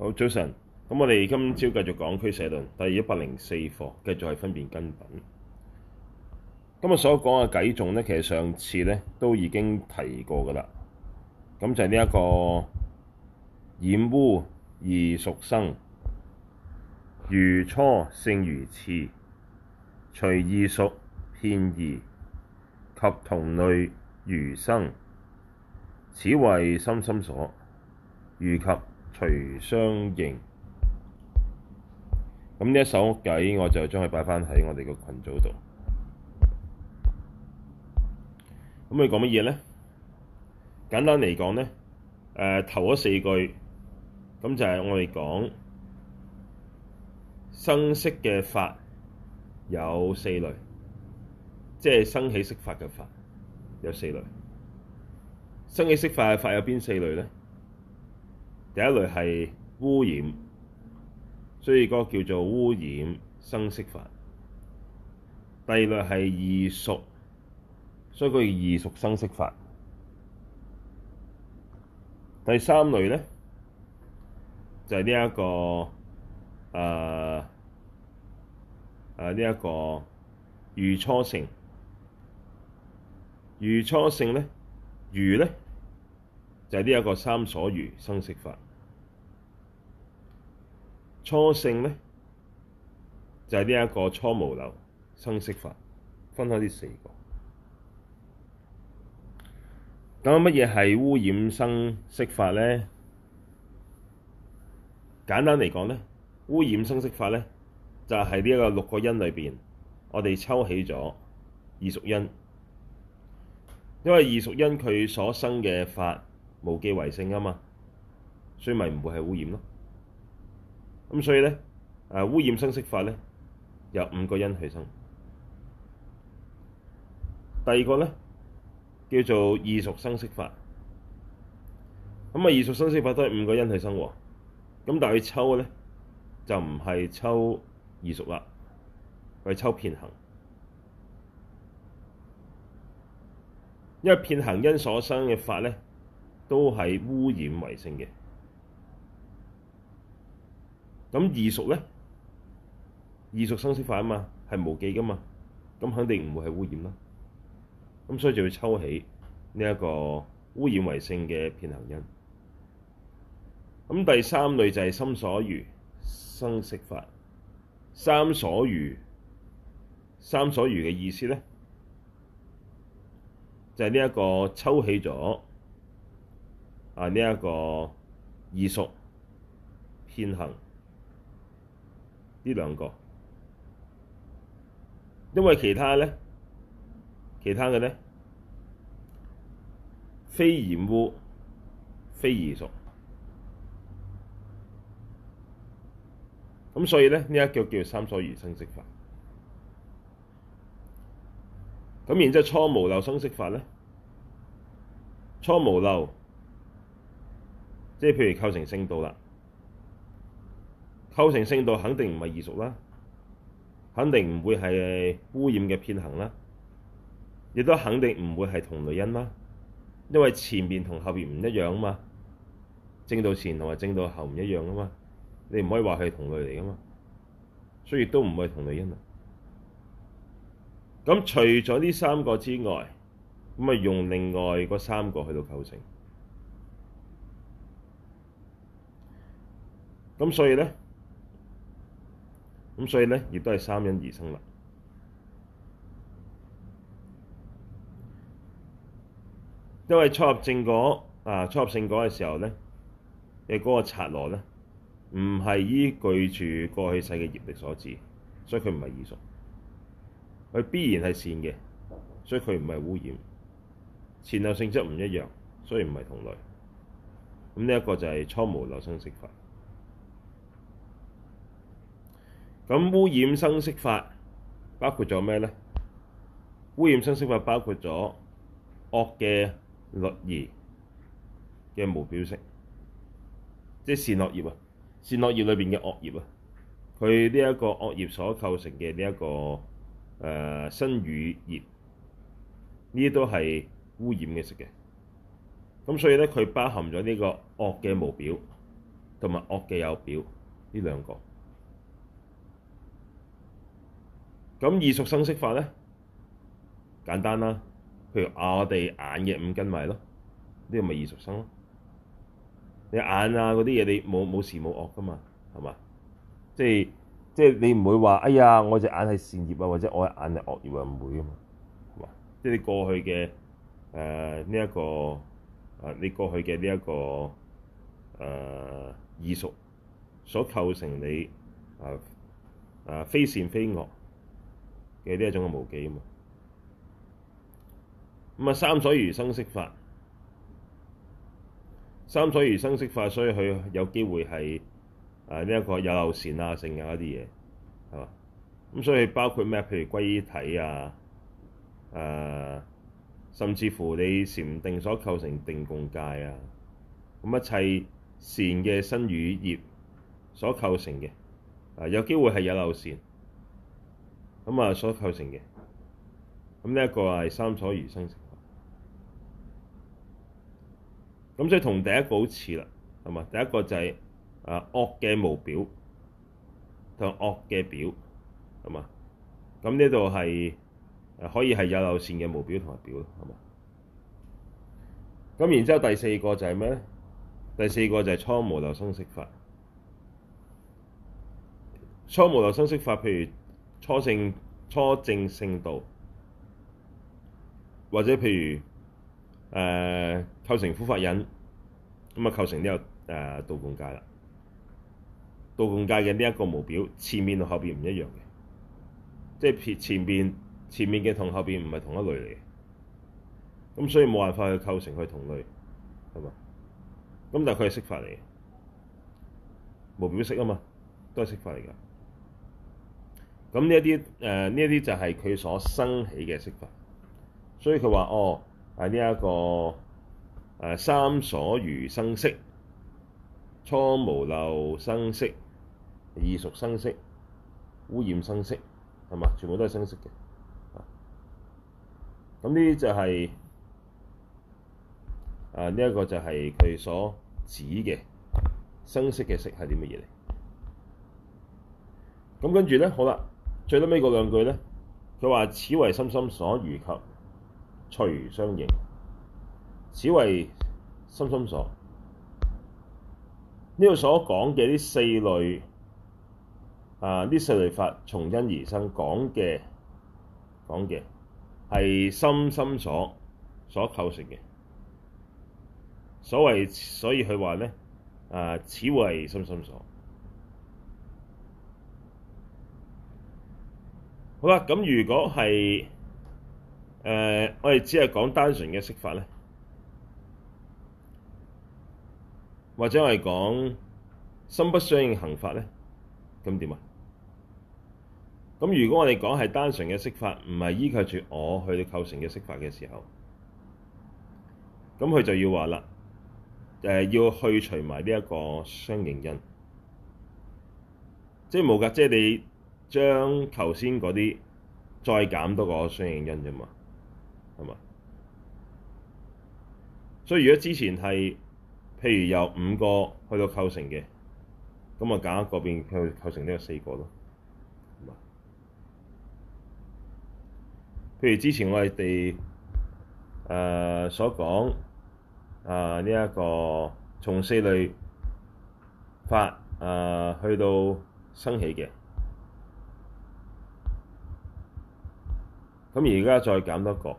好早晨，咁、嗯、我哋今朝繼續講俱舍論，第一百零四課，繼續係分別根品。今、嗯、日所講嘅偈頌咧，其實上次咧都已經提過噶啦。咁、嗯、就係呢一個染污異熟生餘初聖如次除異熟遍二及同類餘生，此謂心心所餘及除相應，咁呢一首偈我就將佢擺翻喺我哋個群組度。咁佢講乜嘢咧？簡單嚟講咧，誒、呃，頭嗰四句，咁就係我哋講生色嘅法有四類，即係生起色法嘅法有四類，生起色法嘅法有邊四類咧？第一類係污染，所以個叫做污染生色法。第二類係異熟，所以佢叫異熟生色法。第三類咧，就係呢一個誒誒呢一個餘初聖。餘初聖咧，餘咧，就係呢一個三所餘生色法，初性咧就係呢一個初無漏生色法，分開呢四個。咁乜嘢係污染生色法咧？簡單嚟講咧，污染生色法咧就係呢一個六個因裏邊，我哋抽起咗異熟因，因為異熟因佢所生嘅法，無記為性啊嘛，所以咪唔會係污染咯。咁所以咧，誒污染生色法咧有五個因去生。第二個咧叫做異熟生色法。咁啊，異熟生色法都係五個因去生喎。咁但係佢抽咧就唔係抽異熟啦，佢係抽遍行。因為遍行因所生嘅法咧。都係污染為性嘅，咁異熟咧，異熟生色法啊嘛，係無記噶嘛，咁肯定唔會係污染啦，咁所以就要抽起呢一個污染為性嘅遍行因。咁第三類就係三所餘生色法，三所餘，三所餘嘅意思咧，就係呢一個抽起咗。係呢一個異熟遍行呢兩個，因為其他咧，其他嘅咧非染污非異熟，咁所以咧呢一個叫，叫三所餘生色法。咁然之後初無漏生色法咧，初無漏。即係譬如構成聖道啦，構成聖道肯定唔係異熟啦，肯定唔會係污染嘅遍行啦，亦都肯定唔會係同類因啦，因為前面同後邊唔一樣啊嘛，證道前同埋證道後唔一樣啊嘛，你唔可以話佢係同類嚟啊嘛，所以都唔係同類因啊。咁除咗呢三個之外，咁啊用另外嗰三個去到構成。咁所以咧，咁所以咧，亦都係三因而生啦。因為初入正果啊，初入聖果嘅時候咧，嘅、那、嗰個剎那咧，唔係依據住過去世嘅業力所致，所以佢唔係異熟，佢必然係善嘅，所以佢唔係污染，前後性質唔一樣，所以唔係同類。咁呢一個就係初無漏生色法。咁污染生色法包括咗咩咧？污染生色法包括咗惡嘅律儀嘅無表色，即係善惡業啊！善惡業裏邊嘅惡業啊，佢呢一個惡業所構成嘅呢一個誒身語業，呢、呃、啲都係污染嘅色嘅。咁所以咧，佢包含咗呢個惡嘅無表同埋惡嘅有表呢兩個。咁異熟生色法咧，簡單啦，譬如我哋眼嘅五根咪咯，呢個咪異熟生咯。你眼啊嗰啲嘢，你冇冇善冇惡噶嘛，係嘛？即係即係你唔會話，哎呀，我隻眼係善業啊，或者我隻眼係惡業，唔會啊嘛。係嘛？即係你過去嘅誒呢一個誒、呃、你過去嘅呢一個誒異、呃、熟所構成你誒誒、呃呃、非善非惡。嘅呢一種嘅無記啊嘛，咁啊三所餘生色法，三所餘生色法，所以佢有機會係啊呢一個有漏善啊剩啊一啲嘢，係嘛？咁所以包括咩？譬如歸依體啊，啊、呃，甚至乎你禪定所構成定共戒啊，咁一切善嘅身語業所構成嘅啊、呃，有機會係有漏善。咁啊，所構成嘅，咁呢一個係三所餘生色法，咁所以同第一個好似啦，係嘛？第一個就係啊惡嘅無表同惡嘅表，係嘛？咁呢度係可以係有漏善嘅無表同埋表咯，係嘛？咁然之後第四個就係咩咧？第四個就係初無漏生色法，初無漏生色法譬如。初正初正聖道，或者譬如誒、呃、構成苦法忍，咁、嗯、啊構成呢、這個誒道共戒啦。道共戒嘅呢一個無表，前面同後邊唔一樣嘅，即係前面前邊前邊嘅同後邊唔係同一類嚟嘅。咁、嗯、所以冇辦法去構成佢同類，係嘛？咁、嗯、但係佢係色法嚟嘅，無表色啊嘛，都係色法嚟嘅。咁呢一啲誒，呢一啲就係佢所生起嘅色法，所以佢話：哦，係呢一個誒、啊、三所餘生色、初無漏生色、異熟生色、污染生色，係嘛？全部都係生色嘅，就是。咁呢啲就係誒呢一個就係佢所指嘅生色嘅色係啲乜嘢嚟？咁跟住咧，好啦。最屘尾嗰兩句呢，佢話：此謂心心所，餘及除相應。此謂心心所。呢度所講嘅呢四類啊，呢四類法從因而生，講嘅講嘅係心心所所構成嘅。所謂所以佢話呢，啊，此謂心心所。好啦，咁如果係誒、呃、我哋只係講單純嘅色法咧，或者我哋講心不相應行法咧，咁點啊？咁如果我哋講係單純嘅色法，唔係依靠住我去構成嘅色法嘅時候，咁佢就要話啦，誒、呃、要去除埋呢一個相應因，即係冇㗎，即係你。將頭先嗰啲再減多個相應因啫嘛，係嘛？所以如果之前係譬如有五個去到構成嘅，咁啊揀一個變去構成呢個四個咯，譬如之前我哋誒、呃、所講啊呢一個從四類法誒、呃、去到生起嘅。咁而家再減多個，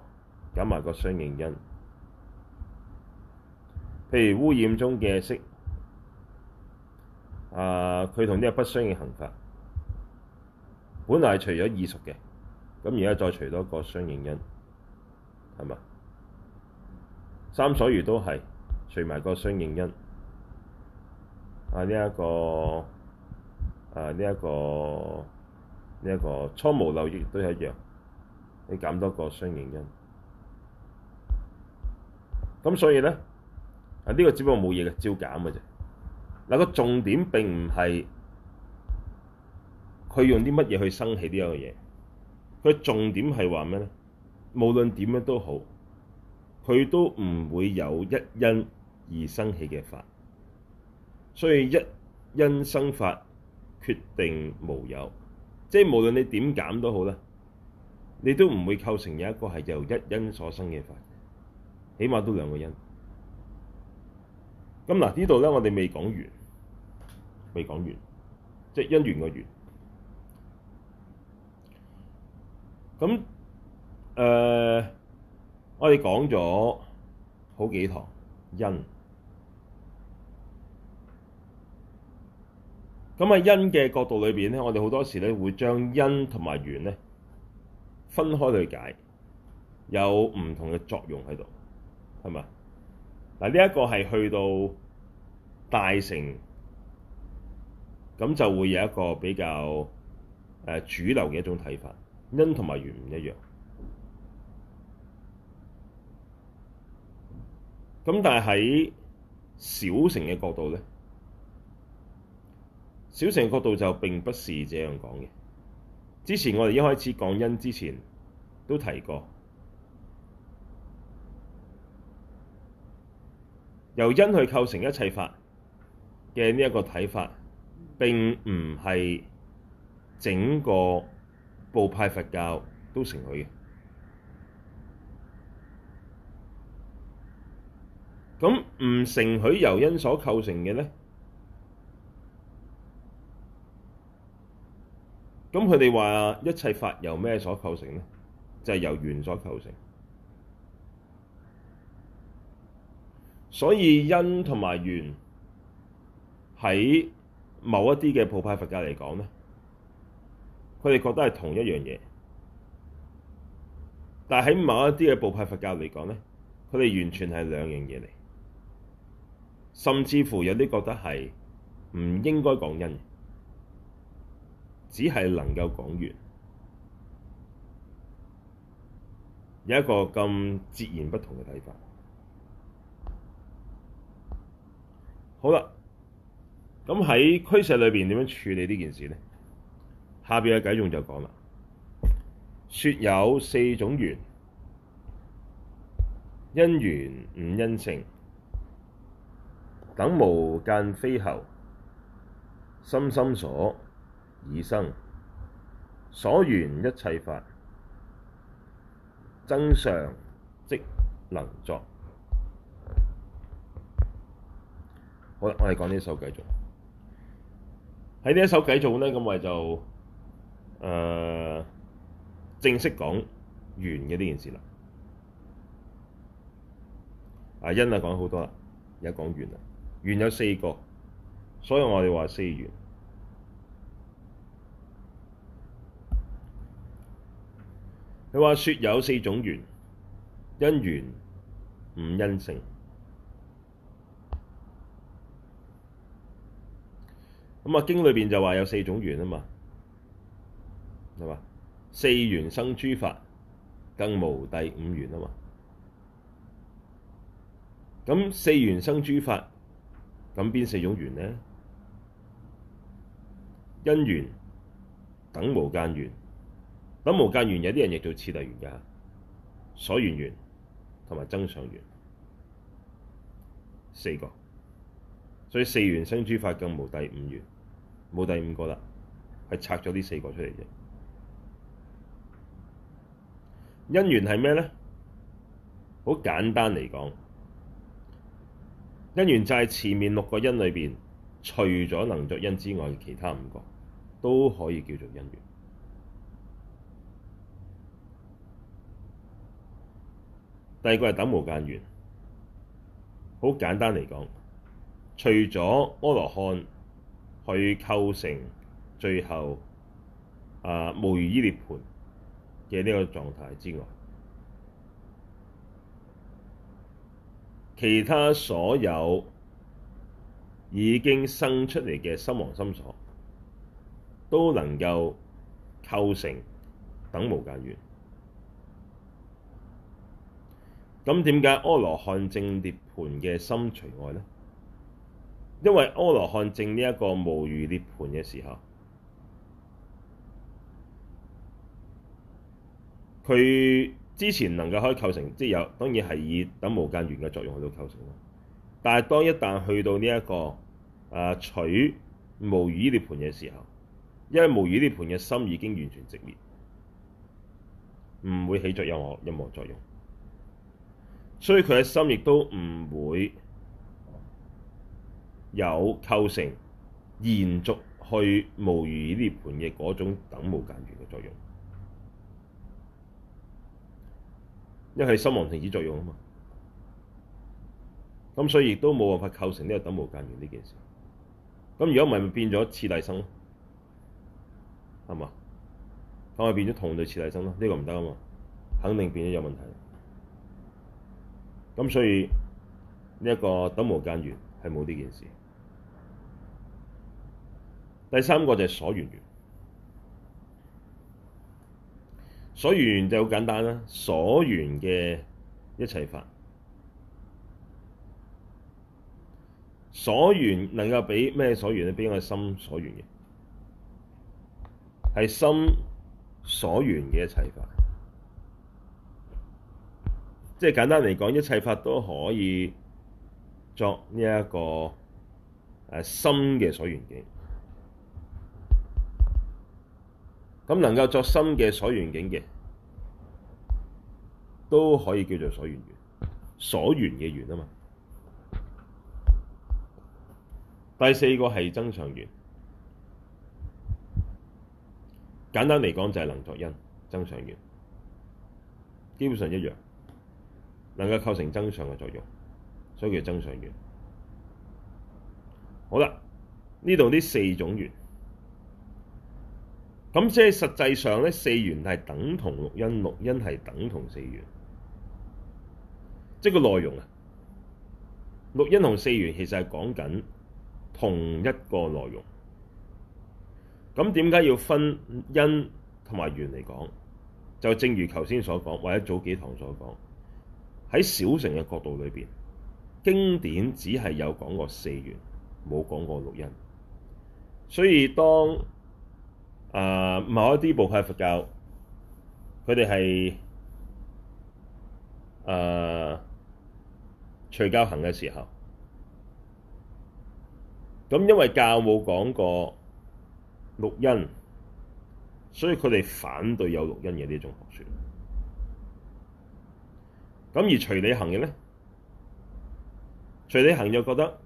減埋個相應因，譬如污染中嘅色，啊、呃，佢同呢個不相應行法，本來係除咗異熟嘅，咁而家再除多個相應因，係嘛？三所餘都係除埋個相應因，啊呢一個，啊呢一個，呢、呢、一個初無漏業都一樣。你減多個相應因，咁所以咧，啊、這、呢個只不過冇嘢嘅招減嘅啫。嗱、那個重點並唔係佢用啲乜嘢去生起呢一個嘢，佢重點係話咩咧？無論點樣都好，佢都唔會有一因而生起嘅法。所以一因生法決定無有，即係無論你點減都好啦。你都唔會構成有一個係由一因所生嘅法，起碼都兩個因。咁嗱，呢度咧，我哋未講完，未講完，即係因緣個緣。咁誒，我哋講咗好幾堂因。咁喺因嘅角度裏邊咧，我哋好多時咧會將因同埋緣咧。分開去解，有唔同嘅作用喺度，係咪？嗱，呢一個係去到大乘，咁就會有一個比較誒、呃、主流嘅一種睇法。因同埋緣唔一樣，咁但係喺小乘嘅角度咧，小乘角度就並不是這樣講嘅。之前我哋一開始講因之前都提過，由因去構成一切法嘅呢一個睇法，並唔係整個部派佛教都承許嘅。咁唔承許由因所構成嘅呢？咁佢哋話一切法由咩所構成咧？就係由緣所構成。所以因同埋緣喺某一啲嘅部派佛教嚟講咧，佢哋覺得係同一樣嘢。但喺某一啲嘅部派佛教嚟講咧，佢哋完全係兩樣嘢嚟。甚至乎有啲覺得係唔應該講因。只係能夠講完，有一個咁截然不同嘅睇法。好啦，咁喺俱舍裏邊點樣處理呢件事呢？下邊嘅解釋就講啦，説有四種緣，因緣五因性，等無間非後，心心所。已生所緣一切法，增上即能作。好啦，我哋講呢一首，首繼續。喺呢一首繼續咧，咁我哋就誒正式講緣嘅呢件事啦。阿因啊，講咗好多啦，而家講緣啦，緣有四個，所以我哋話四緣」。佢話：説有四種緣，因緣、五因性。咁啊，經裏邊就話有四種緣啊嘛，係嘛？四緣生諸法，更無第五緣啊嘛。咁四緣生諸法，咁邊四種緣呢？因緣、等無間緣。咁無間緣有啲人亦做次第緣嘅，所緣緣同埋增上緣四個，所以四緣生諸法更無第五緣，冇第五個啦，係拆咗呢四個出嚟啫。因緣係咩咧？好簡單嚟講，因緣就係前面六個因裏邊，除咗能作因之外，其他五個都可以叫做因緣。第二個係等無間緣，好簡單嚟講，除咗阿羅漢去構成最後啊無餘依涅槃嘅呢個狀態之外，其他所有已經生出嚟嘅心王心所，都能夠構成等無間緣。咁點解阿羅漢證涅槃嘅心除外咧？因為阿羅漢證呢一個無餘涅槃嘅時候，佢之前能夠可以構成，即係有當然係以等無間緣嘅作用去到構成咯。但係當一旦去到呢、這、一個啊取無餘涅槃嘅時候，因為無餘涅槃嘅心已經完全寂滅，唔會起作用，任何作用。所以佢嘅心亦都唔會有構成延續去無餘涅槃嘅嗰種等無間緣嘅作用，因為心王停止作用啊嘛，咁所以亦都冇辦法構成呢個等無間緣呢件事。咁如果唔係咪變咗次第生咯？係嘛？反而變咗同類次第生咯？呢、這個唔得啊嘛，肯定變咗有問題。咁所以呢一個等無間緣係冇呢件事。第三個就係所緣緣，所緣就好簡單啦。所緣嘅一切法，所緣能夠畀咩所緣？畀我心所緣嘅，係心所緣嘅一切法。即係簡單嚟講，一切法都可以作呢一個誒心嘅所緣境。咁能夠作心嘅所緣境嘅，都可以叫做所緣緣，所緣嘅緣啊嘛。第四個係增上緣。簡單嚟講就係能作因，增上緣基本上一樣。能夠構成增上嘅作用，所以叫增上緣。好啦，呢度呢四種緣，咁即係實際上呢四緣係等同六因，六因係等同四緣，即係個內容啊。六因同四緣其實係講緊同一個內容。咁點解要分因同埋緣嚟講？就正如頭先所講，或者早幾堂所講。喺小乘嘅角度裏邊，經典只係有講過四緣，冇講過六因。所以當啊、呃、某一啲部派佛教，佢哋係啊隨教行嘅時候，咁因為教冇講過六因，所以佢哋反對有六因嘅呢一種學說。咁而徐理行嘅呢，徐理行又覺得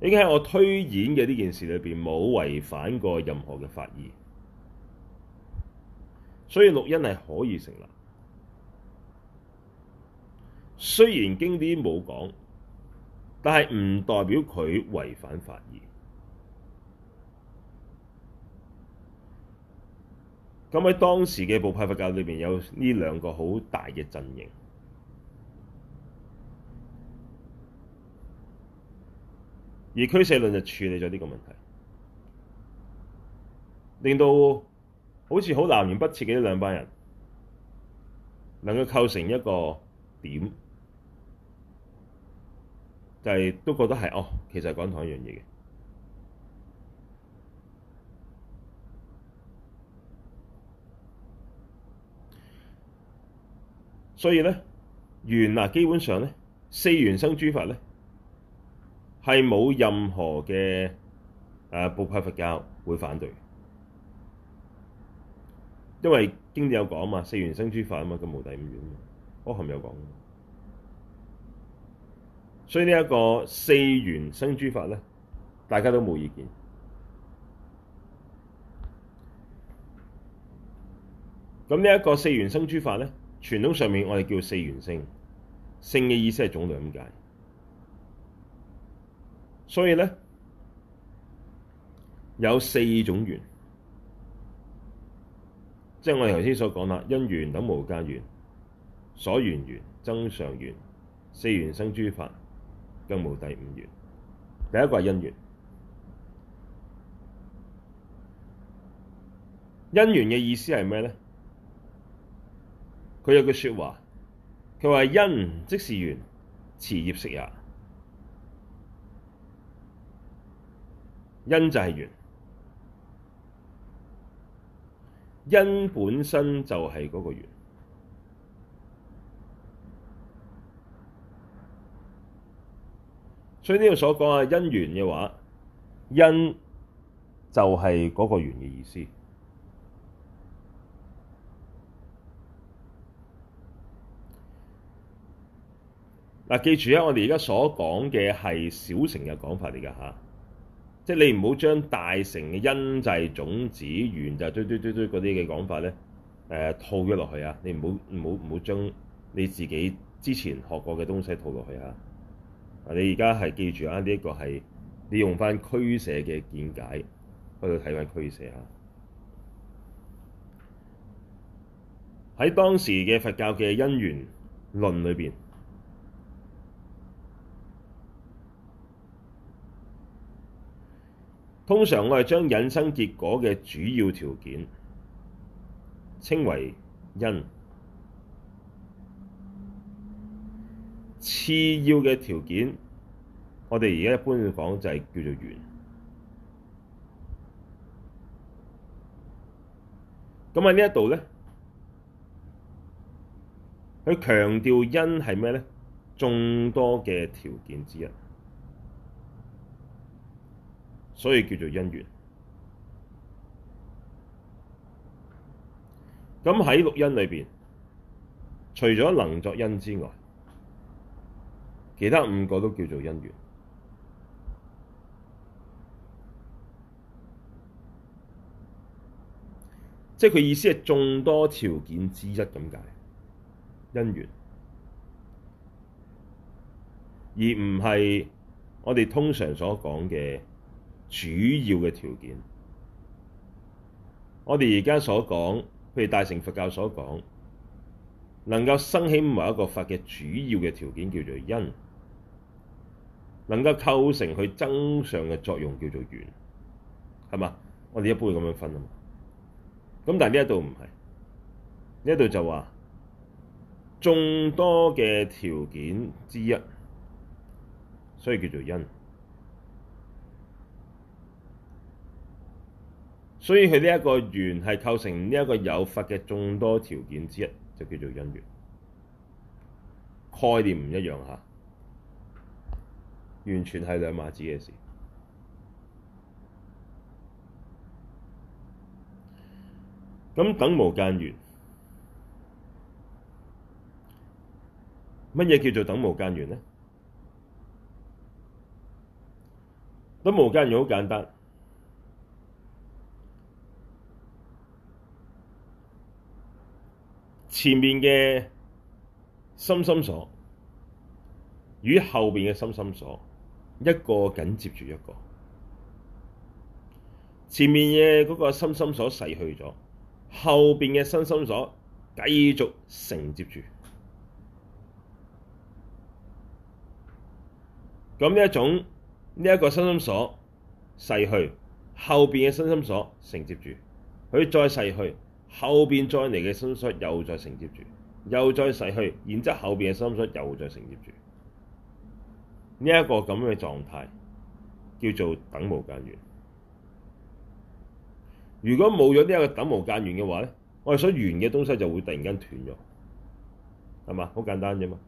已經喺我推演嘅呢件事裏邊冇違反過任何嘅法義，所以六因係可以成立。雖然經典冇講，但係唔代表佢違反法義。咁喺當時嘅部派佛教裏邊，有呢兩個好大嘅陣營。而俱舍論就處理咗呢個問題，令到好似好南轅北轍嘅呢兩班人能夠構成一個點，就係、是、都覺得係哦，其實係講同一樣嘢嘅。所以咧，緣嗱基本上咧，四緣生諸法咧。係冇任何嘅誒，部、啊、派佛教會反對，因為經典有講嘛，四緣生諸法啊嘛，咁無第五緣嘅，阿、哦、含有講，所以呢一個四緣生諸法咧，大家都冇意見。咁呢一個四緣生諸法咧，傳統上面我哋叫四緣性，性嘅意思係種類咁解。所以呢，有四種緣，即係我哋頭先所講啦，因緣、等無間緣、所緣緣、增上緣，四緣生諸法，更無第五緣。第一個係因緣，因緣嘅意思係咩呢？佢有句説話，佢話：因即是緣，持業釋也。因就係緣，因本身就係嗰個緣，所以呢度所講嘅因緣嘅話，因就係嗰個緣嘅意思。嗱，記住咧，我哋而家所講嘅係小乘嘅講法嚟噶吓。即係你唔好將大乘嘅因際種子原，就追追追追嗰啲嘅講法咧，誒、呃，套咗落去啊！你唔好唔好唔好將你自己之前學過嘅東西套落去啊！你而家係記住啊，呢、這、一個係你用翻俱舍嘅見解去到睇翻俱舍啊！喺當時嘅佛教嘅因緣論裏邊。通常我係將引生結果嘅主要條件稱為因，次要嘅條件，我哋而家一般講就係叫做緣。咁喺呢一度咧，佢強調因係咩咧？眾多嘅條件之一。所以叫做因緣。咁喺六因裏邊，除咗能作因之外，其他五個都叫做因緣。即係佢意思係眾多條件之一咁解，因緣，而唔係我哋通常所講嘅。主要嘅條件，我哋而家所講，譬如大乘佛教所講，能夠生起某一個法嘅主要嘅條件叫做因，能夠構成佢增上嘅作用叫做緣，係嘛？我哋一般會咁樣分啊嘛。咁但係呢一度唔係，呢一度就話眾多嘅條件之一，所以叫做因。所以佢呢一個緣係構成呢一個有法嘅眾多條件之一，就叫做因緣。概念唔一樣嚇，完全係兩碼子嘅事。咁等無間緣，乜嘢叫做等無間緣咧？等無間緣好簡單。前面嘅心心所與後面嘅心心所一個緊接住一個，前面嘅嗰個心心所逝去咗，後邊嘅心心所繼續承接住。咁呢一種呢一、這個心心所逝去，後邊嘅心心所承接住，佢再逝去。後面再嚟嘅心所又再承接住，又再逝去，然之後，後面嘅心所又再承接住，呢、這、一個咁嘅狀態叫做等無間緣。如果冇咗呢一個等無間緣嘅話咧，我哋所緣嘅東西就會突然間斷咗，係嘛？好簡單啫嘛。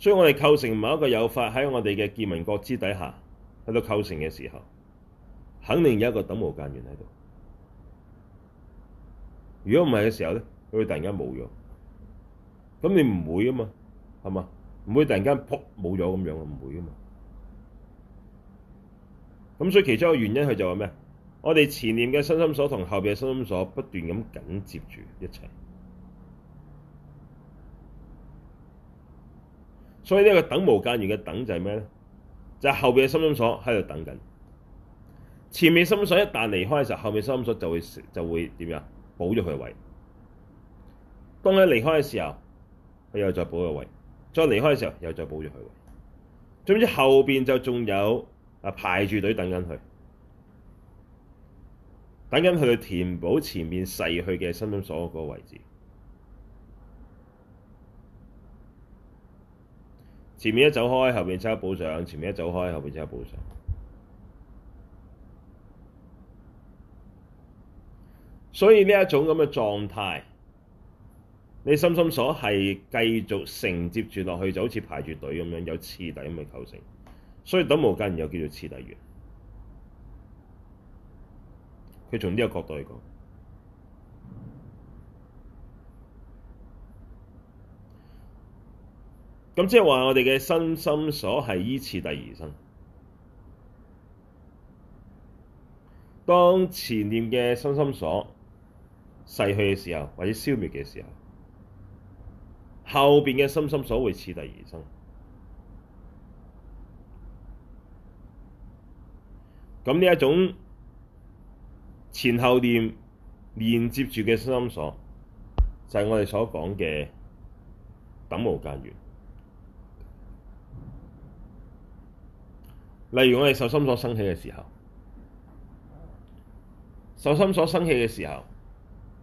所以我哋構成某一個有法喺我哋嘅見聞覺知底下，喺度構成嘅時候，肯定有一個等無間緣喺度。如果唔係嘅時候咧，佢會突然間冇咗，咁你唔會啊嘛，係嘛，唔會突然間扑冇咗咁樣啊，唔會啊嘛。咁所以其中一個原因，佢就話咩？我哋前面嘅心心所同後邊嘅心心所不斷咁緊接住一齊。所以呢個等無間緣嘅等就係咩咧？就係、是、後邊嘅心心所喺度等緊，前面心心所一旦離開嘅時候，後面心心所就會就會點樣補咗佢個位。當佢離開嘅時候，佢又再補咗位；再離開嘅時候，又再補咗佢位。總之後邊就仲有啊排住隊等緊佢，等緊佢去填補前面逝去嘅心心所嗰個位置。前面一走開，後邊即刻補上；前面一走開，後邊即刻補上。所以呢一種咁嘅狀態，你心心所係繼續承接住落去，就好似排住隊咁樣，有次第咁嘅構成。所以等無間又叫做次第緣。佢從呢個角度嚟講。咁即係話，我哋嘅心心所係依次第而生。當前念嘅心心所逝去嘅時候，或者消滅嘅時候，後邊嘅心心所會次第而生。咁呢一種前後念連接住嘅心心所，就係我哋所講嘅等無間緣。例如我哋受心所生起嘅時候，受心所生起嘅時候，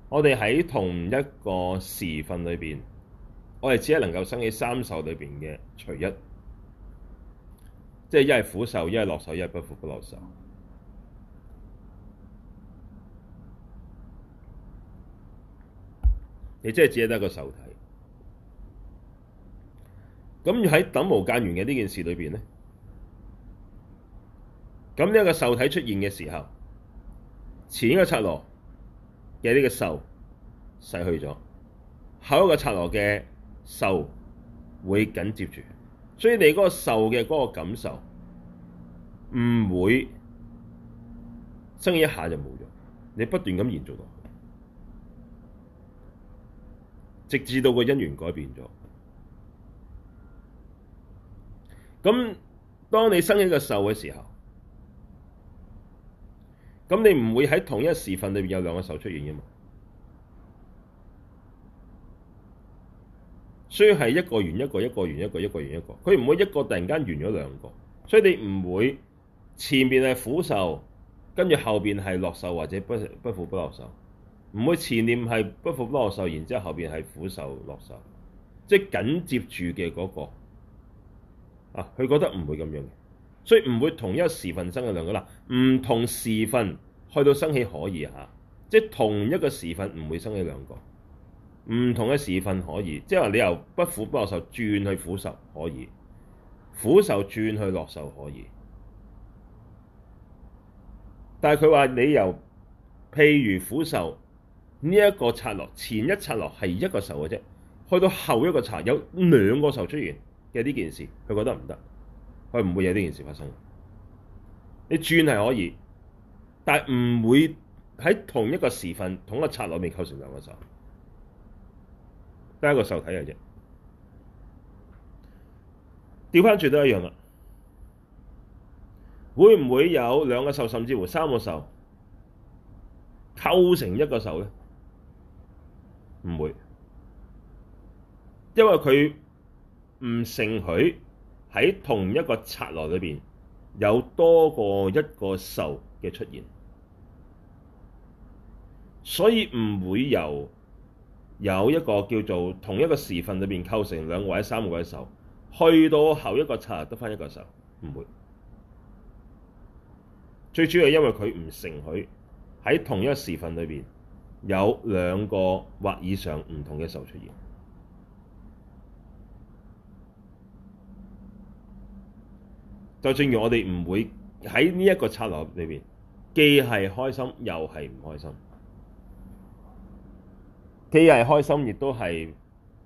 我哋喺同一個時分裏邊，我哋只係能夠生起三受裏邊嘅隨一，即係一係苦受，一係樂受，一係不苦不樂受。你即係只係得一個受體。咁喺等無間緣嘅呢件事裏邊咧？咁呢一個受體出現嘅時候，前一個剎那嘅呢個受逝去咗，後一個剎那嘅受會緊接住，所以你嗰個受嘅嗰個感受唔會，生意一下就冇咗，你不斷咁延續落去，直至到個因緣改變咗。咁當你生一個受嘅時候。咁你唔會喺同一時份裏邊有兩個受出現嘅嘛，所以係一個完一個，一個完一個，一個完一個，佢唔會一個突然間完咗兩個，所以你唔會前面係苦受，跟住後邊係樂受或者不不苦不樂受，唔會前邊係不苦不樂受，然之後後邊係苦受樂受，即係緊接住嘅嗰個啊，佢覺得唔會咁樣嘅。所以唔會同一個時份生嘅兩個啦，唔同時份去到生起可以嚇，即係同一個時份唔會生起兩個，唔同嘅時份可以，即係話你由不苦不樂受轉去苦受可以，苦受轉去樂受可以。但係佢話你由譬如苦受呢一,一個剎那，前一剎那係一個受嘅啫，去到後一個剎那有兩個受出現嘅呢件事，佢覺得唔得。佢唔會有呢件事發生。你轉係可以，但係唔會喺同一個時分同一剎那裏面構成兩個受，得一個受體嚟啫。調翻轉都一樣啦。會唔會有兩個受，甚至乎三個受構成一個受咧？唔會，因為佢唔承許。喺同一個剎那裏邊有多過一個受嘅出現，所以唔會由有，有一個叫做同一個時分裏邊構成兩個或者三個嘅受，去到後一個剎那得返一個受，唔會。最主要係因為佢唔承許喺同一個時分裏邊有兩個或以上唔同嘅受出現。就正如我哋唔會喺呢一個剎那裏邊，既係開心又係唔開心，既係開心亦都係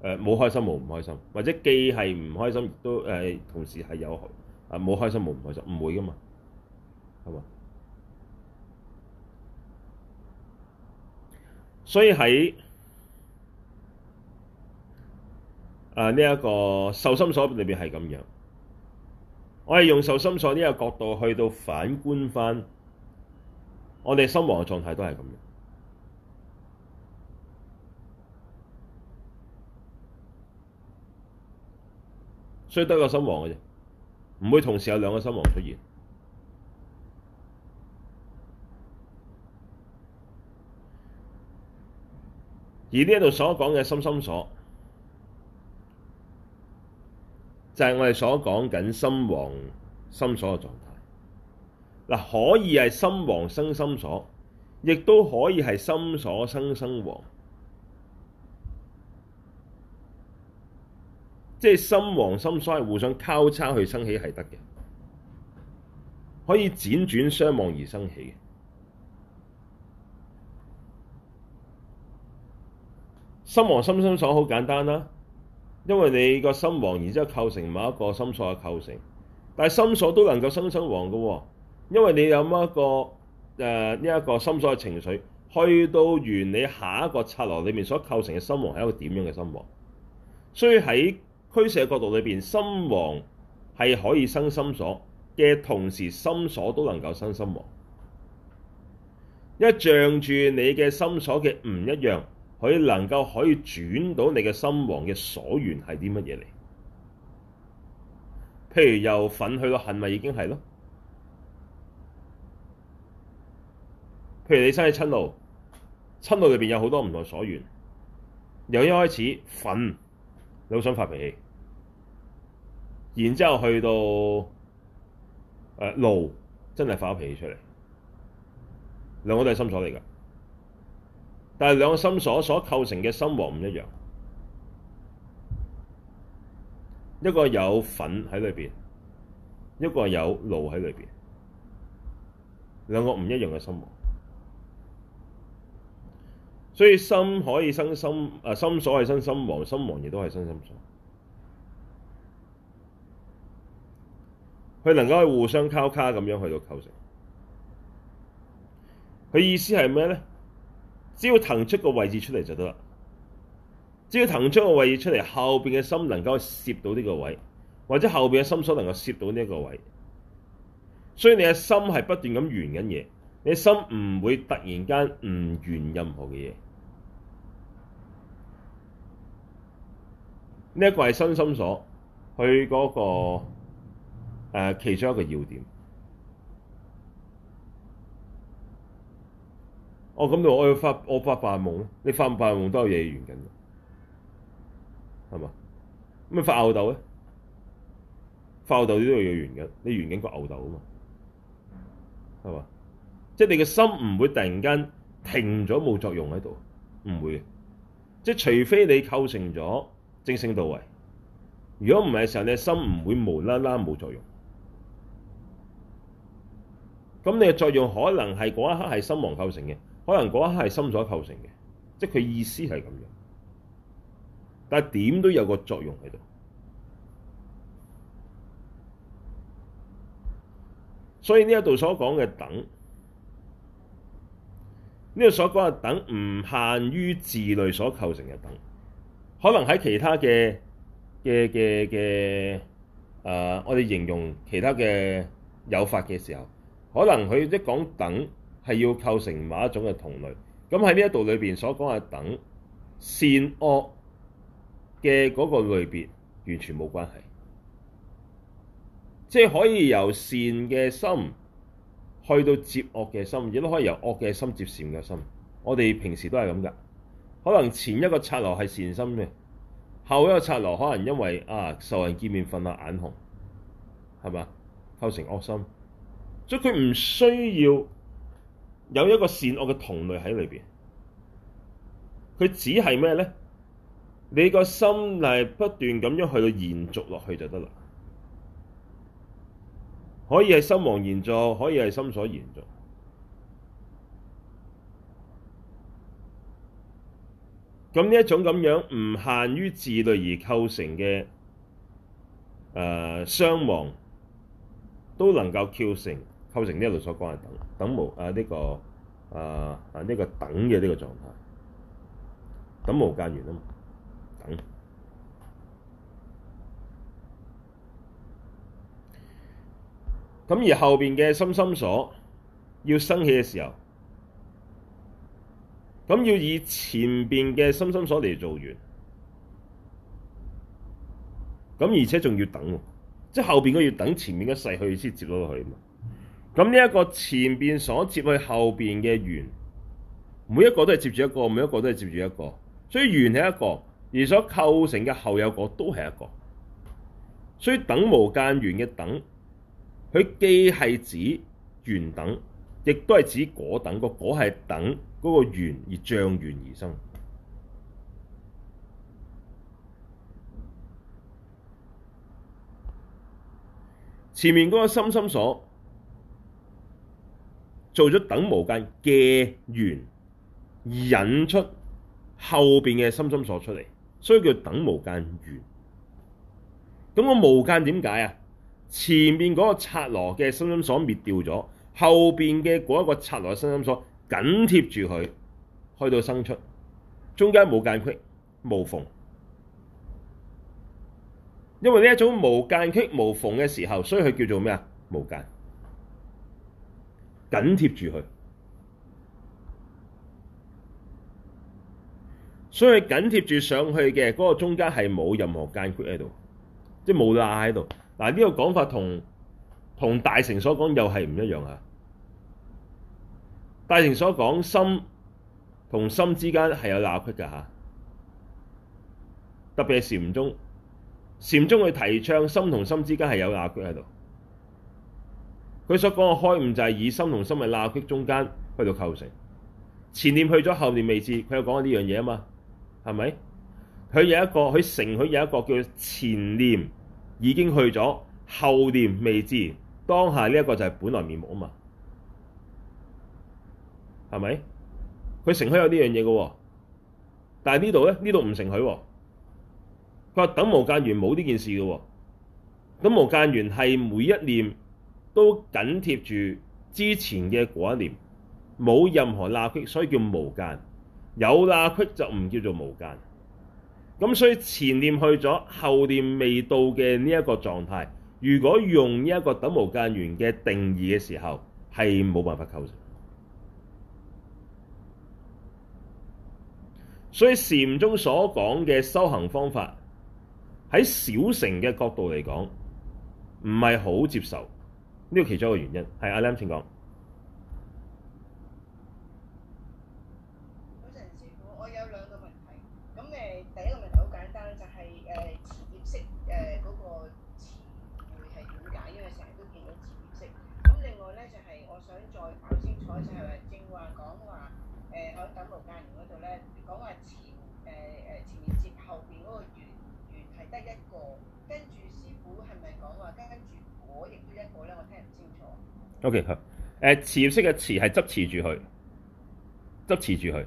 誒冇開心冇唔開心，或者既係唔開心亦都誒同時係有啊冇開心冇唔開心，唔會噶嘛，係嘛？所以喺誒呢一個受心所裏邊係咁樣。我係用受心所呢個角度去到反觀翻，我哋心王嘅狀態都係咁樣，所以得個心王嘅啫，唔會同時有兩個心王出現。而呢度所講嘅心心所。就係我哋所講緊心王心所嘅狀態，嗱，可以係心王生心所，亦都可以係心所生心王，即係心王心所係互相交叉去生起係得嘅，可以輾轉相望而生起嘅，心王心心所好簡單啦。因為你個心王，然之後構成某一個心所嘅構成，但係心所都能夠生心王嘅喎，因為你有某一個誒呢、呃、一個心所嘅情緒，去到完你下一個剎那裏面所構成嘅心王係一個點樣嘅心王，所以喺俱舍角度裏邊，心王係可以生心所嘅，同時心所都能夠生心王，一仗住你嘅心所嘅唔一樣。佢能夠可以轉到你嘅心王嘅所緣係啲乜嘢嚟？譬如由憤去到恨，咪已經係咯。譬如你身喺嗔怒，嗔怒裏邊有好多唔同所緣。由一開始憤，你好想發脾氣，然之後去到誒、呃、怒，真係發咗脾氣出嚟，兩個都係心所嚟噶。但係兩個心所所構成嘅心王唔一樣，一個有粉喺裏邊，一個有露喺裏邊，兩個唔一樣嘅心王。所以心可以生心，啊心所係生心王，心王亦都係生心所。佢能夠互相交叉咁樣去到構成。佢意思係咩咧？只要騰出個位置出嚟就得啦，只要騰出，位出個位置出嚟，後邊嘅心能夠攝到呢個位，或者後邊嘅心所能夠攝到呢一個位，所以你嘅心係不斷咁緣緊嘢，你嘅心唔會突然間唔緣任何嘅嘢。呢、這、一個係心心所佢嗰個、呃、其中一個要點。我咁就我要發，我發白夢咯。你發唔發夢都有嘢完緊，係嘛？咁你發吽豆咧，發吽豆呢都有嘢喺度，你完緊個吽豆啊嘛，係嘛？即係你嘅心唔會突然間停咗冇作用喺度，唔會嘅。即係除非你構成咗正性到位，如果唔係嘅時候，你嘅心唔會無啦啦冇作用。咁你嘅作用可能係嗰一刻係心王構成嘅。可能嗰一刻係心所構成嘅，即係佢意思係咁樣，但係點都有個作用喺度。所以呢一度所講嘅等，呢度所講嘅等唔限於自類所構成嘅等，可能喺其他嘅嘅嘅嘅，誒、呃，我哋形容其他嘅有法嘅時候，可能佢一講等。係要構成某一種嘅同類，咁喺呢一度裏邊所講嘅等，善惡嘅嗰個類別完全冇關係，即係可以由善嘅心去到接惡嘅心，亦都可以由惡嘅心接善嘅心。我哋平時都係咁㗎，可能前一個剎那係善心嘅，後一個剎那可能因為啊仇人見面分外眼紅，係咪構成惡心，所以佢唔需要。有一個善惡嘅同類喺裏邊，佢只係咩咧？你個心係不斷咁樣去到延續落去就得啦。可以係心王延續，可以係心所延續。咁呢一種咁樣唔限於自類而構成嘅，誒、呃，相望都能夠構成。構成呢一路所講嘅等，等無啊呢、這個啊啊呢、這個等嘅呢個狀態，等無間緣啊嘛，等。咁而後邊嘅心心所要生起嘅時候，咁要以前邊嘅心心所嚟做緣，咁而且仲要等，即係後邊佢要等前面一世去先接咗落去啊嘛。咁呢一個前邊所接去後邊嘅緣，每一個都係接住一個，每一個都係接住一個，所以緣係一個，而所構成嘅後有個都係一個，所以等無間緣嘅等，佢既係指緣等，亦都係指果等，果等個果係等嗰個緣而漲緣而生，前面嗰個心心所，做咗等無間嘅緣，引出後邊嘅心心所出嚟，所以叫等無間緣。咁、那個無間點解啊？前面嗰個剎那嘅心心所滅掉咗，後邊嘅嗰一個剎那嘅心心所緊貼住佢，去到生出，中間無間隙、無縫。因為呢一種無間隙、無縫嘅時候，所以佢叫做咩啊？無間。緊貼住佢，所以緊貼住上去嘅嗰個中間係冇任何間隙喺度，即係冇罅喺度。嗱，呢個講法同同大乘所講又係唔一樣啊！大乘所講心同心之間係有罅隙㗎嚇，特別係禪宗，禪宗去提倡心同心之間係有罅隙喺度。佢所講嘅開悟就係以心同心為罅隙中間去到構成前念去咗，後念未知。佢有講緊呢樣嘢啊嘛，係咪？佢有一個，佢承許有一個叫前念已經去咗，後念未知。當下呢一個就係本來面目啊嘛，係咪？佢承許有呢樣嘢嘅喎，但係呢度咧，呢度唔承許。佢話等無間緣冇呢件事嘅喎，等無間緣係每一念。都緊貼住之前嘅嗰一念，冇任何罅隙，所以叫無間。有罅隙就唔叫做無間。咁所以前念去咗，後念未到嘅呢一個狀態，如果用呢一個等無間緣嘅定義嘅時候，係冇辦法構成。所以禪宗所講嘅修行方法，喺小乘嘅角度嚟講，唔係好接受。呢個其中一個原因係阿林請講。O.K.，係誒，持業釋嘅持係執持住佢，執持住佢。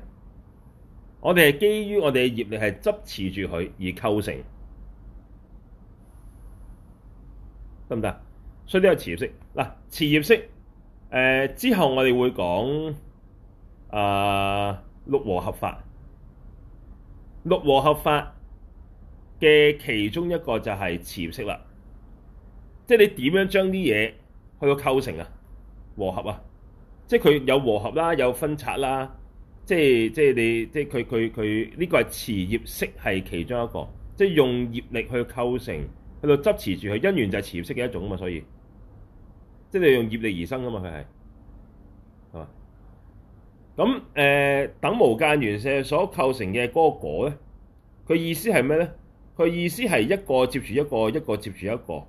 我哋係基於我哋嘅業力係執持住佢而構成，得唔得？所以呢個持業釋嗱，持業釋誒、呃、之後我哋會講啊六、呃、和合法，六和合法嘅其中一個就係持業釋啦。即係你點樣將啲嘢去到構成啊？和合啊，即係佢有和合啦，有分拆啦，即係即係你即係佢佢佢呢個係持業釋，係其中一個，即係用業力去構成，去到執持住佢。因緣就係持業釋嘅一種啊嘛，所以即係用業力而生啊嘛，佢係係嘛咁誒，等無間緣釋所構成嘅嗰個果咧，佢意思係咩咧？佢意思係一個接住一個，一個接住一個咁。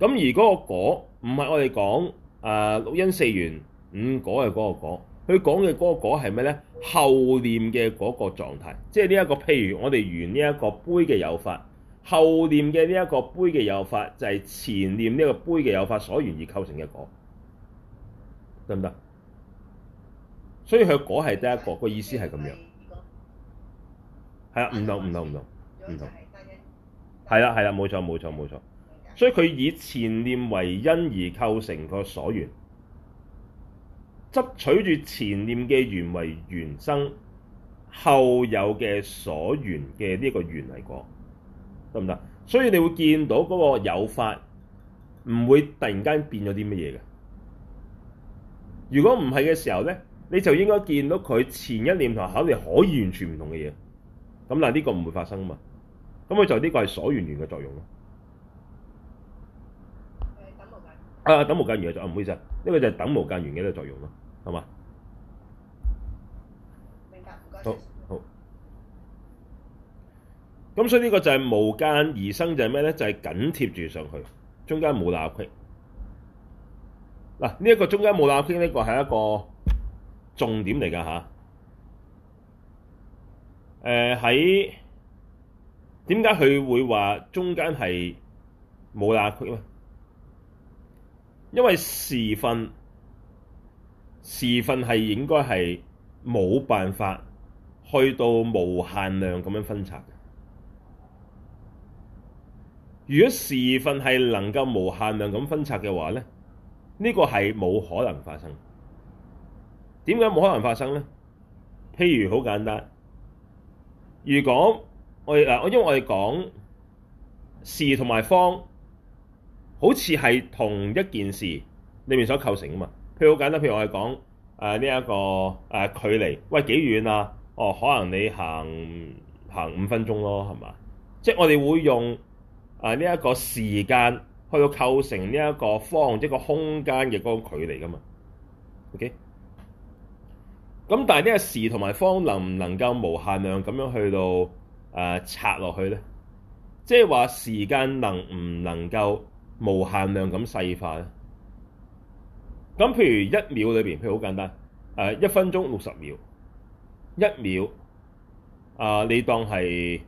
那而嗰個果唔係我哋講。誒，六因四緣五果係嗰個果，佢講嘅嗰個果係咩咧？後念嘅嗰個狀態，即係呢一個譬如我哋緣呢一個杯嘅有法，後念嘅呢一個杯嘅有法就係前念呢一個杯嘅有法所緣而構成嘅果，得唔得？所以佢果係得一個，個意思係咁樣，係啊，唔同唔同唔同唔同，係啦係啦，冇錯冇錯冇錯。所以佢以前念為因而構成個所緣，執取住前念嘅緣為原生後有嘅所緣嘅呢一個緣嚟講，得唔得？所以你會見到嗰個有法唔會突然間變咗啲乜嘢嘅。如果唔係嘅時候咧，你就應該見到佢前一念同肯定可以完全唔同嘅嘢。咁但係呢個唔會發生啊嘛。咁佢就呢個係所緣緣嘅作用咯。啊！等無間緣嘅作，唔好意思啊，呢個就係等無間緣嘅一個作用咯，係嘛？明白，唔該。好，好。咁所以呢個就係無間而生就，就係咩咧？就係緊貼住上去，中間冇罅隙。嗱、啊，呢、這、一個中間冇罅隙，呢個係一個重點嚟㗎吓，誒喺點解佢會話中間係冇罅隙啊？因為時分，時分係應該係冇辦法去到無限量咁樣分拆。如果時分係能夠無限量咁分拆嘅話咧，呢個係冇可能發生。點解冇可能發生咧？譬如好簡單，如果我哋啊，我因為我哋講時同埋方。好似係同一件事裏面所構成噶嘛？譬如好簡單，譬如我係講誒呢一個誒、呃、距離，喂幾遠啊？哦，可能你行行五分鐘咯，係嘛？即係我哋會用誒呢一個時間去到構成呢一個方，即個空間嘅嗰個距離噶嘛？OK，咁但係呢個時同埋方能唔能夠無限量咁樣去到誒、呃、拆落去咧？即係話時間能唔能夠？無限量咁細化咧，咁譬如一秒裏邊，譬如好簡單，誒一分鐘六十秒，一秒，啊你當係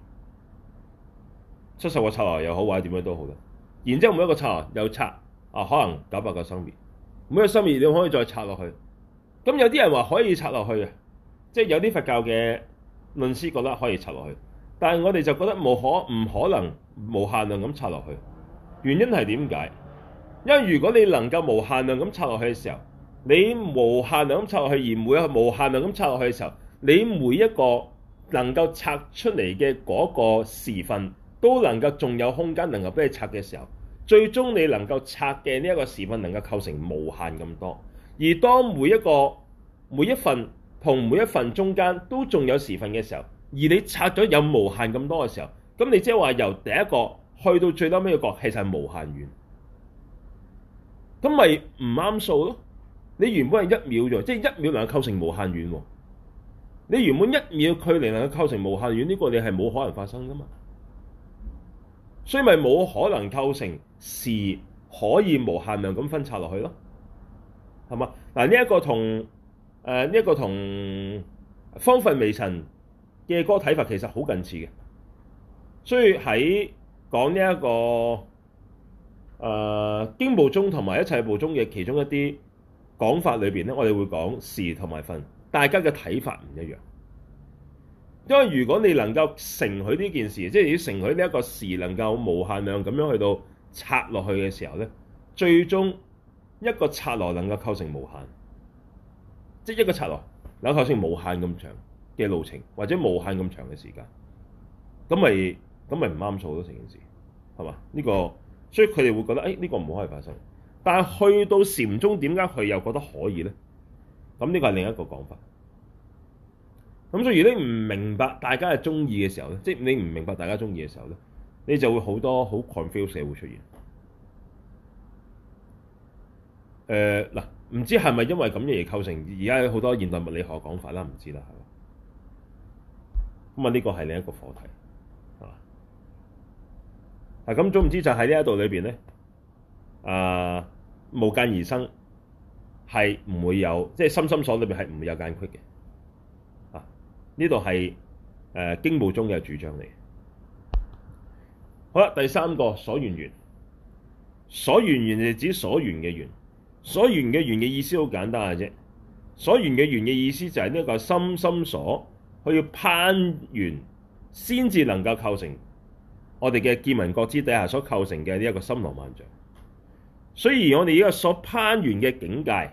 七十個剎那又好，或者點樣都好嘅。然之後每一個剎那又拆，啊可能九百個生滅，每一個生滅，你可以再拆落去。咁有啲人話可以拆落去嘅，即係有啲佛教嘅論師覺得可以拆落去，但係我哋就覺得無可唔可能無限量咁拆落去。原因係點解？因為如果你能夠無限量咁拆落去嘅時候，你無限量咁拆落去而每一個無限量咁拆落去嘅時候，你每一個能夠拆出嚟嘅嗰個時份都能夠仲有空間能夠俾你拆嘅時候，最終你能夠拆嘅呢一個時份能夠構成無限咁多。而當每一個每一份同每一份中間都仲有時份嘅時候，而你拆咗有無限咁多嘅時候，咁你即係話由第一個。去到最屘屘嘅角其實係無限遠，咁咪唔啱數咯？你原本係一秒喎，即係一秒能夠構成無限遠喎。你原本一秒距離能夠構成無限遠，呢個你係冇可能發生噶嘛？所以咪冇可能構成是可以無限量咁分拆落去咯，係嘛？嗱，呢一個同誒呢一個同方分微塵嘅個睇法其實好近似嘅，所以喺講呢、這、一個誒經部中同埋一切部中嘅其中一啲講法裏邊咧，我哋會講時同埋分，大家嘅睇法唔一樣。因為如果你能夠承許呢件事，即係要承許呢一個事能夠無限量咁樣去到拆落去嘅時候咧，最終一個拆落能夠構成無限，即係一個拆落能夠構成無限咁長嘅路程，或者無限咁長嘅時間，咁咪。咁咪唔啱數咯，成件事係嘛？呢個，所以佢哋會覺得，誒，呢個唔可以發生。但係去到禪宗，點解佢又覺得可以咧？咁呢個係另一個講法。咁所以如你唔明白大家係中意嘅時候咧，即係你唔明白大家中意嘅時候咧，你就會好多好 confuse 社會出現。誒，嗱，唔知係咪因為咁樣而構成而家有好多現代物理學嘅講法啦？唔知啦，係嘛？咁啊，呢個係另一個課題。嗱咁，總言之就喺呢一度裏邊咧，啊無間而生，係唔會有，即係心心所裏邊係唔會有間隙嘅。啊，呢度係誒經部中嘅主張嚟。好啦，第三個所緣緣，所緣緣就指所緣嘅緣，所緣嘅緣嘅意思好簡單嘅啫。所緣嘅緣嘅意思就係呢一個心心所，佢要攀緣先至能夠構成。我哋嘅見聞覺知之底下所構成嘅呢一個森羅萬象，所以我哋呢個所攀緣嘅境界，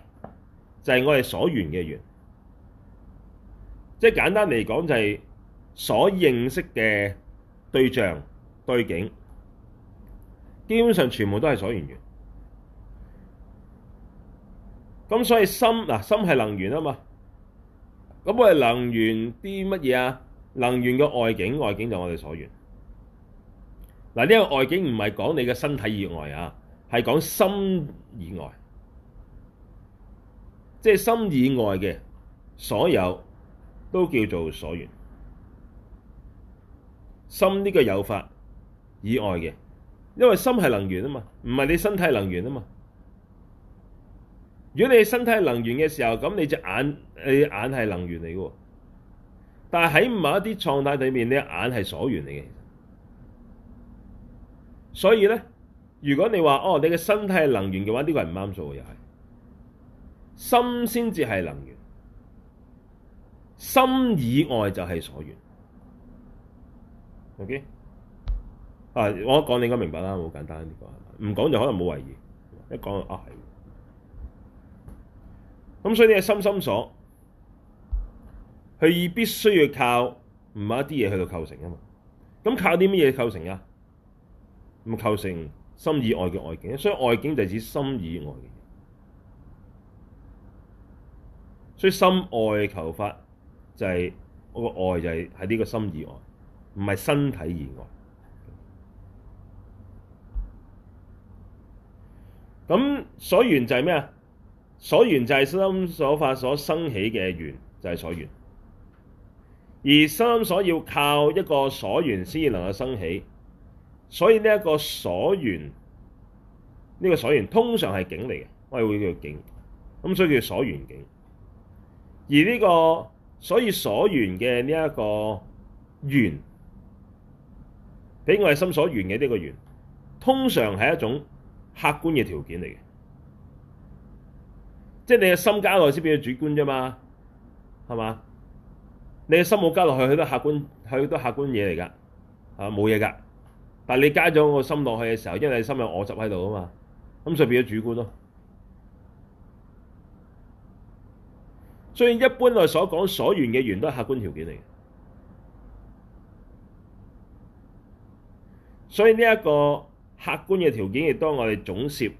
就係我哋所緣嘅緣。即係簡單嚟講，就係所認識嘅對象、對景，基本上全部都係所緣緣。咁所以心嗱，心係能緣啊嘛。咁我哋能緣啲乜嘢啊？能緣嘅外境，外境就我哋所緣。嗱，呢個外境唔係講你嘅身體以外啊，係講心以外，即係心以外嘅所有都叫做所緣。心呢個有法以外嘅，因為心係能緣啊嘛，唔係你身體能緣啊嘛。如果你身體能緣嘅時候，咁你隻眼，你眼係能緣嚟嘅，但係喺某一啲狀態裏面，你眼係所緣嚟嘅。所以咧，如果你話哦，你嘅身體係能緣嘅話，呢、這個係唔啱數嘅，又係心先至係能緣，心以外就係所緣。O、okay? K，啊，我講你應該明白啦，好簡單呢個，唔講就可能冇意義，一講啊係。咁、哦、所以你個心心所，係必須要靠唔係一啲嘢去到構成啊嘛。咁靠啲乜嘢構成啊？咁構成心以外嘅外境，所以外境就係指心以外嘅嘢。所以心外求法就係、是、我個愛就係喺呢個心以外，唔係身體以外。咁所緣就係咩啊？所緣就係心所法所生起嘅緣就係、是、所緣，而心所要靠一個所緣先至能夠生起。所以呢一個所緣，呢個所緣通常係境嚟嘅，我哋會叫境，咁所以叫所緣境。而呢個所以所緣嘅呢一個緣，俾我哋心所緣嘅呢個緣，通常係一種客觀嘅條件嚟嘅，即係你嘅心加落去先變咗主觀啫嘛，係嘛？你嘅心冇加落去，佢都客觀，佢都客觀嘢嚟㗎，嚇冇嘢㗎。但你加咗個心落去嘅時候，因為你心有我執喺度啊嘛，咁所以變咗主觀咯。所以一般我所講所緣嘅緣都係客觀條件嚟嘅。所以呢一個客觀嘅條件亦都係我哋總攝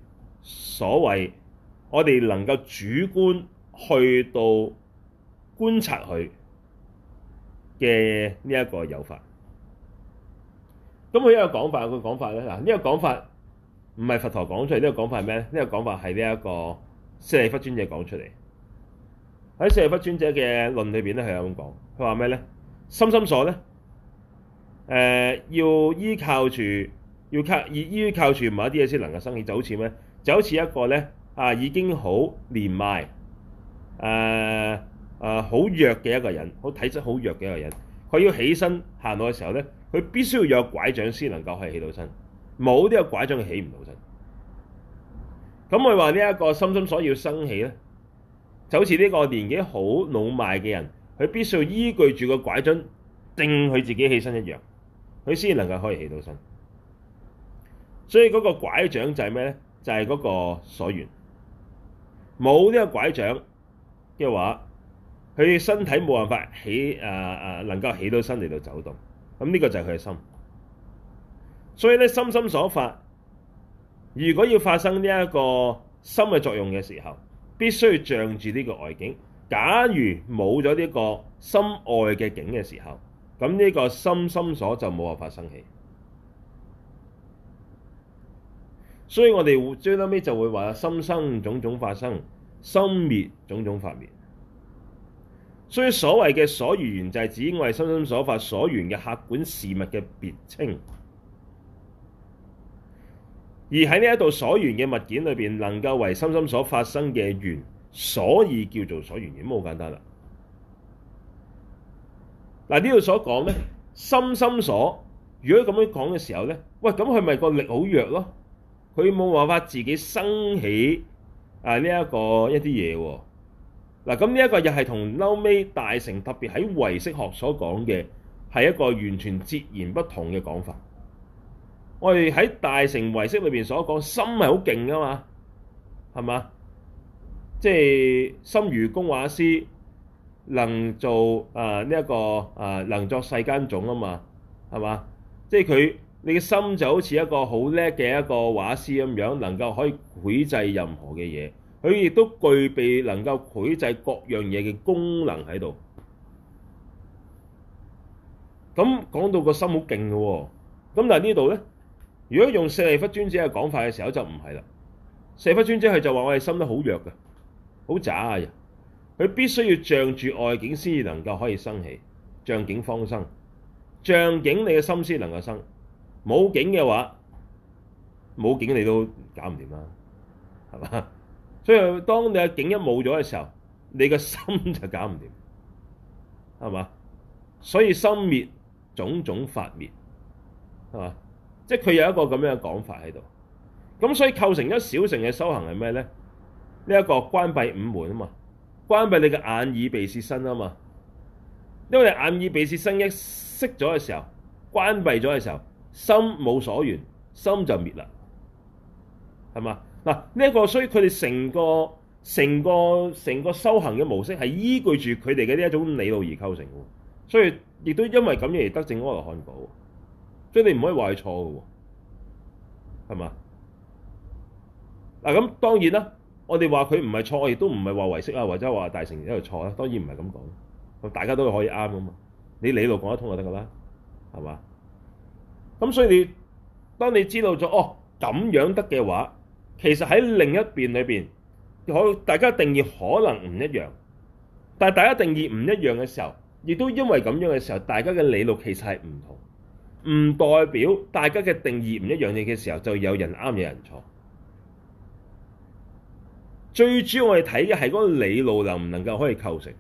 所謂我哋能夠主觀去到觀察佢嘅呢一個有法。咁佢一個講法，一、那個講法咧。嗱，呢個講法唔係佛陀講出嚟，呢個、呢、呢個講法係咩咧？呢個講法係呢一個舍利弗尊者講出嚟。喺舍利弗尊者嘅論裏邊咧，有咁講。佢話咩咧？心心所咧，誒、呃、要依靠住，要靠依依靠住某一啲嘢先能夠生起。就好似咩？就好似一個咧啊，已經好年邁，誒誒好弱嘅一個人，好體質好弱嘅一個人，佢要起身行路嘅時候咧。佢必須要有拐杖先能夠可以起到身，冇呢個拐杖起唔到身。咁佢話呢一個心心所要生起咧，就好似呢個年紀好老邁嘅人，佢必須要依據住個拐杖定佢自己起身一樣，佢先能夠可以起到身。所以嗰個枴杖就係咩咧？就係嗰個所緣。冇呢個拐杖嘅、就是、話，佢身體冇辦法起，誒、呃、誒，能夠起到身嚟到走動。咁呢個就係佢嘅心。所以咧心心所發，如果要發生呢一個心嘅作用嘅時候，必須要仗住呢個外境。假如冇咗呢個心外嘅境嘅時候，咁呢個心心所就冇法發生起。所以我哋最屘尾就會話：心生種種發生，心滅種種發滅。所以所謂嘅所緣緣就係、是、指我係心心所發所緣嘅客觀事物嘅別稱，而喺呢一度所緣嘅物件裏邊，能夠為心心所發生嘅緣，所以叫做所緣緣，好簡單啦。嗱，呢度所講咧，心心所，如果咁樣講嘅時候咧，喂咁佢咪個力好弱咯？佢冇辦法自己生起啊呢、這個、一個一啲嘢喎。嗱，咁呢一個又係同後屘大成特別喺唯識學所講嘅係一個完全截然不同嘅講法。我哋喺大成唯識裏邊所講，心係好勁噶嘛，係嘛？即係心如工畫師，能做啊呢一個啊能作世間種啊嘛，係嘛？即係佢你嘅心就好似一個好叻嘅一個畫師咁樣，能夠可以繪製任何嘅嘢。佢亦都具備能夠控制各樣嘢嘅功能喺度。咁講到個心好勁嘅喎，咁但係呢度咧，如果用舍利弗尊者嘅講法嘅時候就唔係啦。舍利弗尊者佢就話：我哋心得好弱嘅，好渣嘅。佢必須要仗住外境先至能夠可以生起，仗境方生，仗境你嘅心先能夠生。冇境嘅話，冇境你都搞唔掂啦，係嘛？所以，當你嘅境一冇咗嘅時候，你嘅心就搞唔掂，係嘛？所以心滅，種種法滅，係嘛？即係佢有一個咁樣嘅講法喺度。咁所以構成一小乘嘅修行係咩咧？呢、這、一個關閉五門啊嘛，關閉你嘅眼耳鼻舌身啊嘛。因為你眼耳鼻舌身一熄咗嘅時候，關閉咗嘅時候，心冇所緣，心就滅啦，係嘛？嗱，呢一、這個所以佢哋成個成個成個修行嘅模式係依據住佢哋嘅呢一種理路而構成嘅，所以亦都因為咁樣而得證阿羅漢果，所以你唔可以話係錯嘅喎，係嘛？嗱、啊、咁當然啦，我哋話佢唔係錯，亦都唔係話為識啊，或者話大乘而一路錯咧，當然唔係咁講。咁大家都可以啱啊嘛，你理路講得通就得噶啦，係嘛？咁所以你當你知道咗哦咁樣得嘅話。其實喺另一邊裏邊，可大家定義可能唔一樣，但係大家定義唔一樣嘅時候，亦都因為咁樣嘅時候，大家嘅理路其實係唔同。唔代表大家嘅定義唔一樣嘅時候，就有人啱有人錯。最主要我哋睇嘅係嗰個理路能唔能夠可以構成。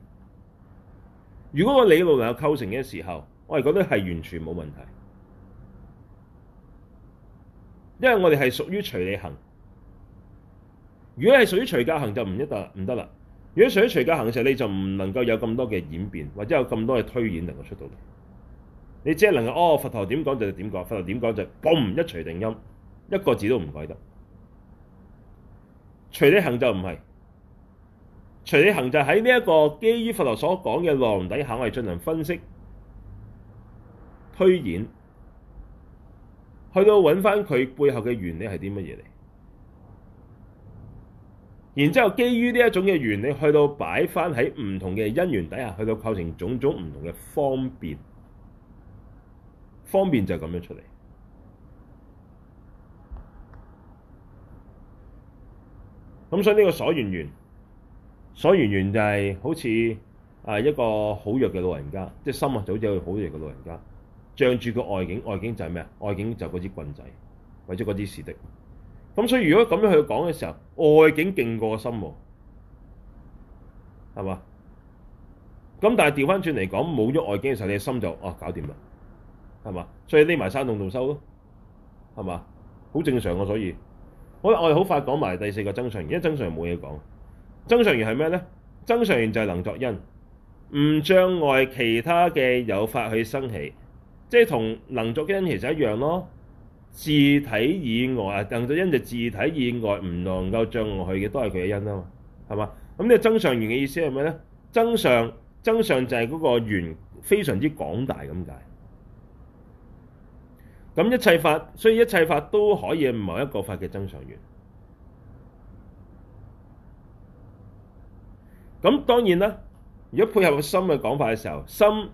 如果個理路能夠構成嘅時候，我哋覺得係完全冇問題，因為我哋係屬於隨理行。如果係屬於隨教行就唔得啦，唔得啦。如果隨隨教行嘅時候，你就唔能夠有咁多嘅演變，或者有咁多嘅推演能夠出到嚟。你只係能夠哦，佛陀點講就點講，佛陀點講就嘣、係、一槌定音，一個字都唔改得。隨理行就唔係，隨理行就喺呢一個基於佛陀所講嘅浪底下，我哋進行分析、推演，去到揾翻佢背後嘅原理係啲乜嘢嚟。然之後，基於呢一種嘅原理，去到擺翻喺唔同嘅因緣底下，去到構成種種唔同嘅方便，方便就係咁樣出嚟。咁、嗯、所以呢個所緣緣，所緣緣就係好似啊一個好弱嘅老人家，即係心啊就好似好弱嘅老人家，仗住個外境，外境就係咩啊？外境就嗰支棍仔，或者嗰支士的。咁所以如果咁樣去講嘅時候，外境勁、啊、過心喎，係嘛？咁但係調翻轉嚟講，冇咗外境嘅時候，你嘅心就、啊、搞掂啦，係嘛？所以匿埋山洞度收咯、啊，係嘛？好正常嘅、啊，所以我我哋好快講埋第四個增上緣，因為增上緣冇嘢講。增上緣係咩咧？增上緣就係能作因，唔障礙其他嘅有法去生起，即係同能作因其實一樣咯。自體以外，鄧祖欣就自體以外唔能夠進落去嘅，都係佢嘅因啊嘛，係嘛？咁呢個增上緣嘅意思係咩咧？增上增上就係嗰個緣非常之廣大咁解。咁一切法，所以一切法都可以某一個法嘅增上緣。咁當然啦，如果配合心嘅講法嘅時候，心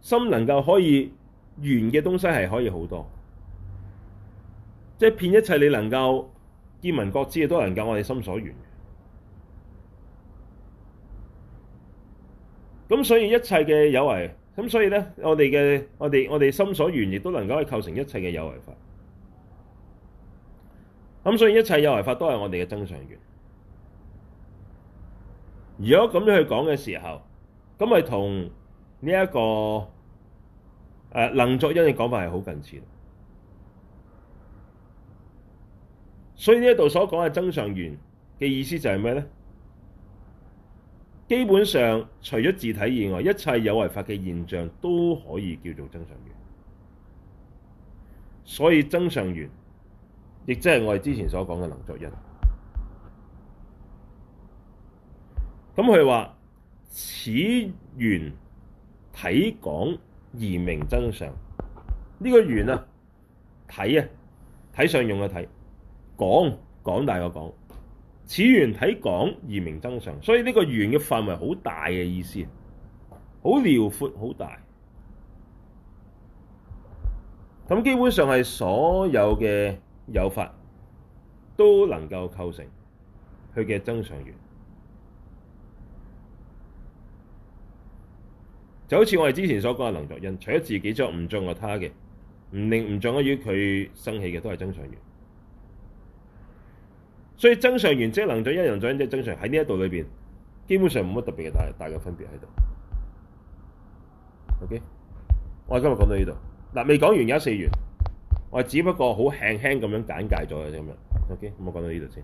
心能夠可以緣嘅東西係可以好多。即係騙一切，你能夠見聞覺知，亦都能夠我哋心所緣。咁所以一切嘅有為，咁所以咧，我哋嘅我哋我哋心所緣，亦都能夠去構成一切嘅有為法。咁所以一切有為法都係我哋嘅增上緣。如果咁樣去講嘅時候，咁咪同呢一個誒能作因嘅講法係好近似。所以呢一度所講嘅增上緣嘅意思就係咩呢？基本上除咗自體以外，一切有為法嘅現象都可以叫做增上緣。所以增上緣亦即係我哋之前所講嘅能作因。咁佢話：此緣體廣而名增上。呢、這個緣啊，體啊，體上用嘅體。廣，廣大嘅廣，此緣體廣而名增上。所以呢個緣嘅範圍好大嘅意思，好遼闊，好大。咁基本上係所有嘅有法，都能夠構成佢嘅增上緣。就好似我哋之前所講嘅能作因，除咗自己作唔作個他嘅，唔令唔作嘅要佢生起嘅，都係增上緣。所以增上緣即能長一樣長，即係增上喺呢一度裏邊，基本上冇乜特別嘅大，大大嘅分別喺度。OK，我今日講到呢度嗱，未講完有四緣，我係只不過好輕輕咁樣簡介咗嘅啫。咁樣 OK，咁我講到呢度先。